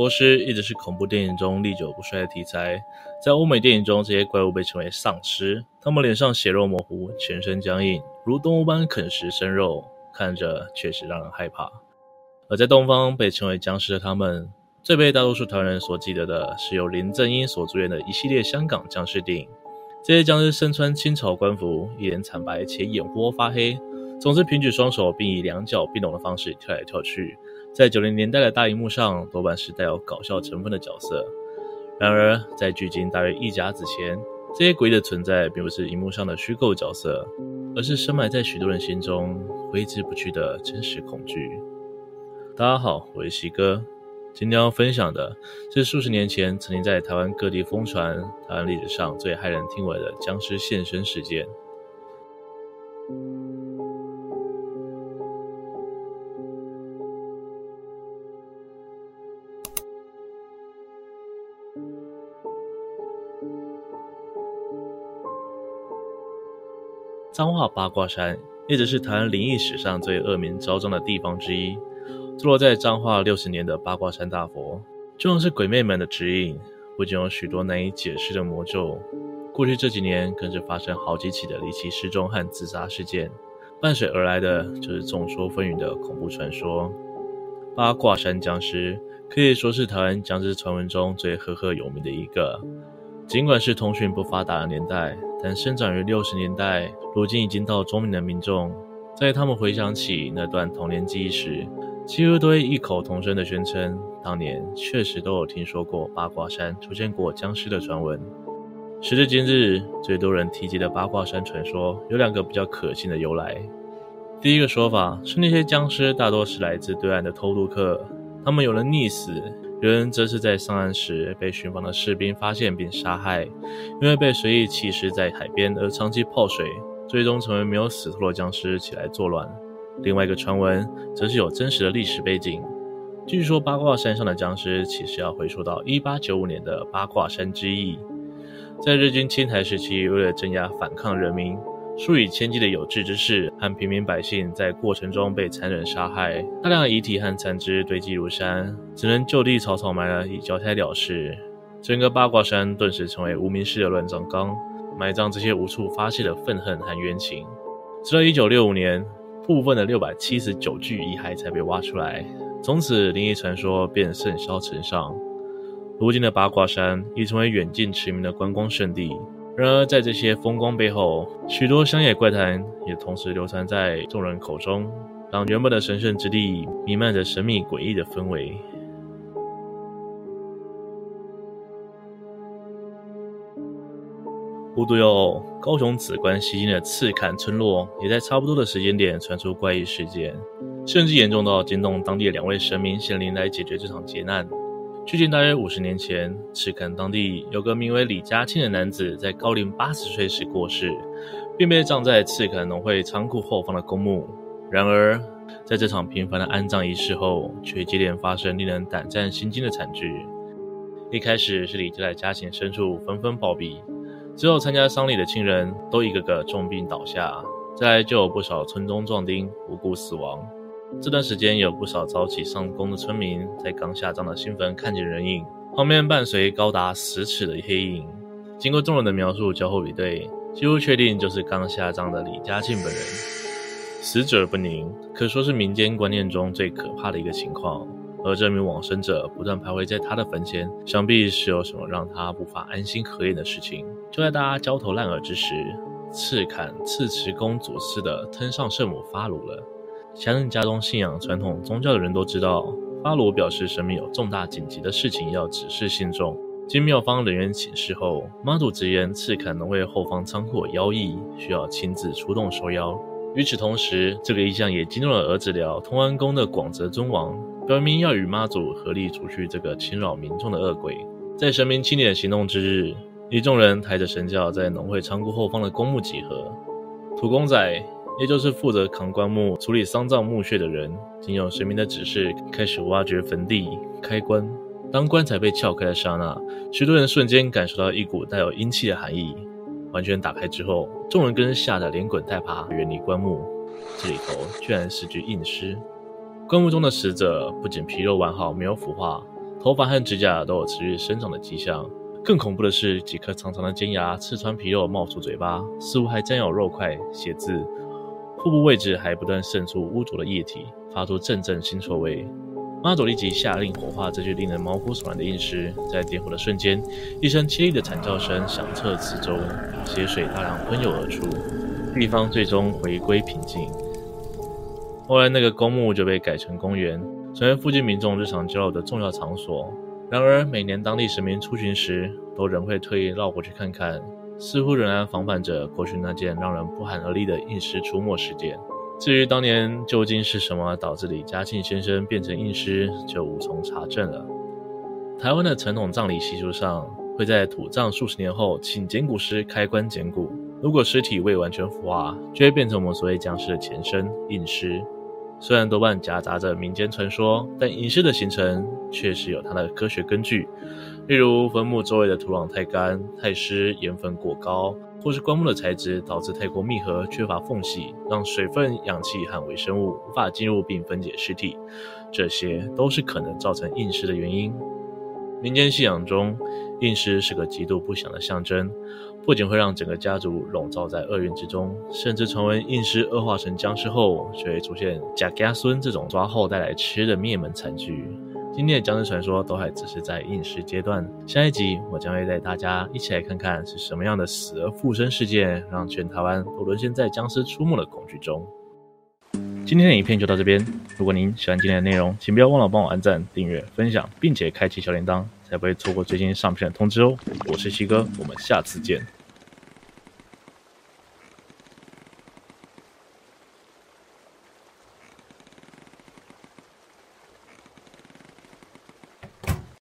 活屍一直是恐怖電影中歷久不衰的題材，在歐美電影中，這些怪物被稱為喪屍，他們臉上血肉模糊，全身僵硬，如動物般啃食生肉，看着確實讓人害怕。而在東方被稱為殭屍的他們，最被大多數國人所記得的是由林正英所主演的一系列香港殭屍電影，這些殭屍身穿清朝官服，一臉慘白且眼窩發黑。總是平舉雙手，並以兩腳併攏的方式跳來跳去，在九零年代的大熒幕上，多半是帶有搞笑成分的角色。然而，在距今大約一甲子前，這些詭異的存在並不是熒幕上的虛構角色，而是深埋在許多人心中揮之不去的真實恐懼。大家好，我是西哥，今天要分享的是數十年前曾經在台灣各地瘋傳、台灣歷史上最駭人聽聞的殭屍現身事件。彰化八卦山一直是台灣靈異史上最惡名昭彰的地方之一。坐落在彰化六十年的八卦山大佛，就像是鬼魅們的指引，不僅有許多難以解釋的魔咒，過去這幾年更是發生好幾起的離奇失蹤和自殺事件，伴隨而來的就是眾說紛紜的恐怖傳說。八卦山殭屍可以說是台灣殭屍傳聞中最赫赫有名的一個，儘管是通訊不發達的年代。但生長於六十年代，如今已經到中年的民眾，在他們回想起那段童年記憶時，幾乎都會異口同聲地宣稱，當年確實都有聽說過八卦山出現過僵屍的傳聞。時至今日，最多人提及的八卦山傳說有兩個比較可信的由來。第一個說法是，那些僵屍大多是來自對岸的偷渡客，他們有人溺死。有人則是在上岸時被巡防的士兵發現並殺害，因為被隨意棄屍在海邊而長期泡水，最終成為沒有死透的殭屍起來作亂。另外一個傳聞則是有真實的歷史背景，據說八卦山上的殭屍其實要回溯到一八九五年的八卦山之役，在日軍侵台時期，為了鎮壓反抗人民。數以千計的有志之士和平民百姓在過程中被殘忍殺害，大量的遺體和殘肢堆積如山，只能就地草草埋了以交差了事。整個八卦山頓時成為無名氏的亂葬崗，埋葬這些無處發泄的憤恨和冤情。直到一九六五年，部分的六百七十九具遺骸才被挖出來，從此靈異傳說便甚囂塵上。如今的八卦山已成為遠近馳名的觀光勝地。然而，在這些風光背後，許多鄉野怪談也同時流傳在眾人口中，讓原本的神聖之地彌漫着神秘詭異的氛圍。無獨有偶，高雄梓官西境的赤崁村落，也在差不多的時間點傳出怪異事件，甚至嚴重到驚動當地的兩位神明顯靈來解決這場劫難。距今大約五十年前，赤坎當地有個名為李家慶的男子，在高齡八十歲時過世，並被葬在赤坎農會倉庫後方的公墓。然而，在這場平凡的安葬儀式後，卻接連發生令人膽戰心驚的慘劇。一開始是李家，家的家禽牲畜紛紛暴斃，之後參加喪禮的親人都一個個重病倒下，再來就有不少村中壯丁無辜死亡。這段時間，有不少早起上工的村民在剛下葬的新墳看見人影，旁邊伴隨高達十尺的黑影。經過眾人的描述、交互比對，幾乎確定就是剛下葬的李嘉慶本人。死者不寧，可說是民間觀念中最可怕的一個情況。而這名往生者不斷徘徊在他的墳前，想必是有什麼讓他無法安心合眼的事情。就在大家焦頭爛額之時，赤坎赤池宮主祀的天上聖母發爐了。相信家中信仰傳統宗教的人都知道，發爐表示神明有重大緊急的事情要指示信眾。經廟方人員請示後，媽祖直言赤坎農會後方倉庫妖異，需要親自出動收妖。與此同時，這個異象也驚動了蚵仔寮通安宮的廣澤尊王，表明要與媽祖合力除去這個侵擾民眾的惡鬼。在神明慶典行動之日，一眾人抬着神轎在農會倉庫後方的公墓集合，土公仔。也就是負責扛棺木、處理喪葬墓穴的人，僅有神明的指示，開始挖掘墳地、開棺。當棺材被撬開的剎那，許多人瞬間感受到一股帶有陰氣的寒意。完全打開之後，眾人更嚇得連滾帶爬，遠離棺木。這裡頭居然是具蔭屍！棺木中的死者不僅皮肉完好，沒有腐化，頭髮和指甲都有持續生長的跡象。更恐怖的是，幾顆長長的尖牙刺穿皮肉，冒出嘴巴，似乎還沾有肉塊、血漬。腹部位置還不斷滲出污濁的液體，發出陣陣腥臭味。媽祖立即下令火化這具令人毛骨悚然的蔭屍，在點火的瞬間，一聲淒厲的慘叫聲響徹四周，血水大量噴湧而出，地方最終回歸平靜。後來，那個公墓就被改成公園，成為附近民眾日常交流的重要場所。然而，每年當地神明出巡時，都仍會特意繞過去看看。似乎仍然防範着過去那件讓人不寒而慄的蔭屍出沒事件。至於當年究竟是什麼導致李嘉慶先生變成蔭屍，就無從查證了。台灣的傳統葬禮習俗上，會在土葬數十年後請撿骨師開棺撿骨，如果屍體未完全腐化，就會變成我們所謂殭屍的前身蔭屍。雖然多半夾雜着民間傳說，但蔭屍的形成確實有它的科學根據。例如，墳墓周圍的土壤太乾、太濕、鹽分過高，或是棺木的材質導致太過密合，缺乏縫隙，讓水分、氧氣和微生物無法進入並分解屍體，這些都是可能造成蔭屍的原因。民間信仰中，蔭屍是個極度不祥的象徵，不僅會讓整個家族籠罩在厄運之中，甚至成為蔭屍惡化成僵屍後，就會出現呷子孫這種抓後代來吃的滅門慘劇。今天的殭屍傳說都還只是在影視階段，下一集我將會帶大家一起來看看是什麼樣的死而復生事件，讓全台灣都淪陷在殭屍出沒的恐懼中。今天的影片就到這邊，如果您喜歡今天的內容，請不要忘了幫我按讚、訂閱、分享，並且開啟小鈴鐺，才不會錯過最新上片的通知哦。我是西哥，我們下次見。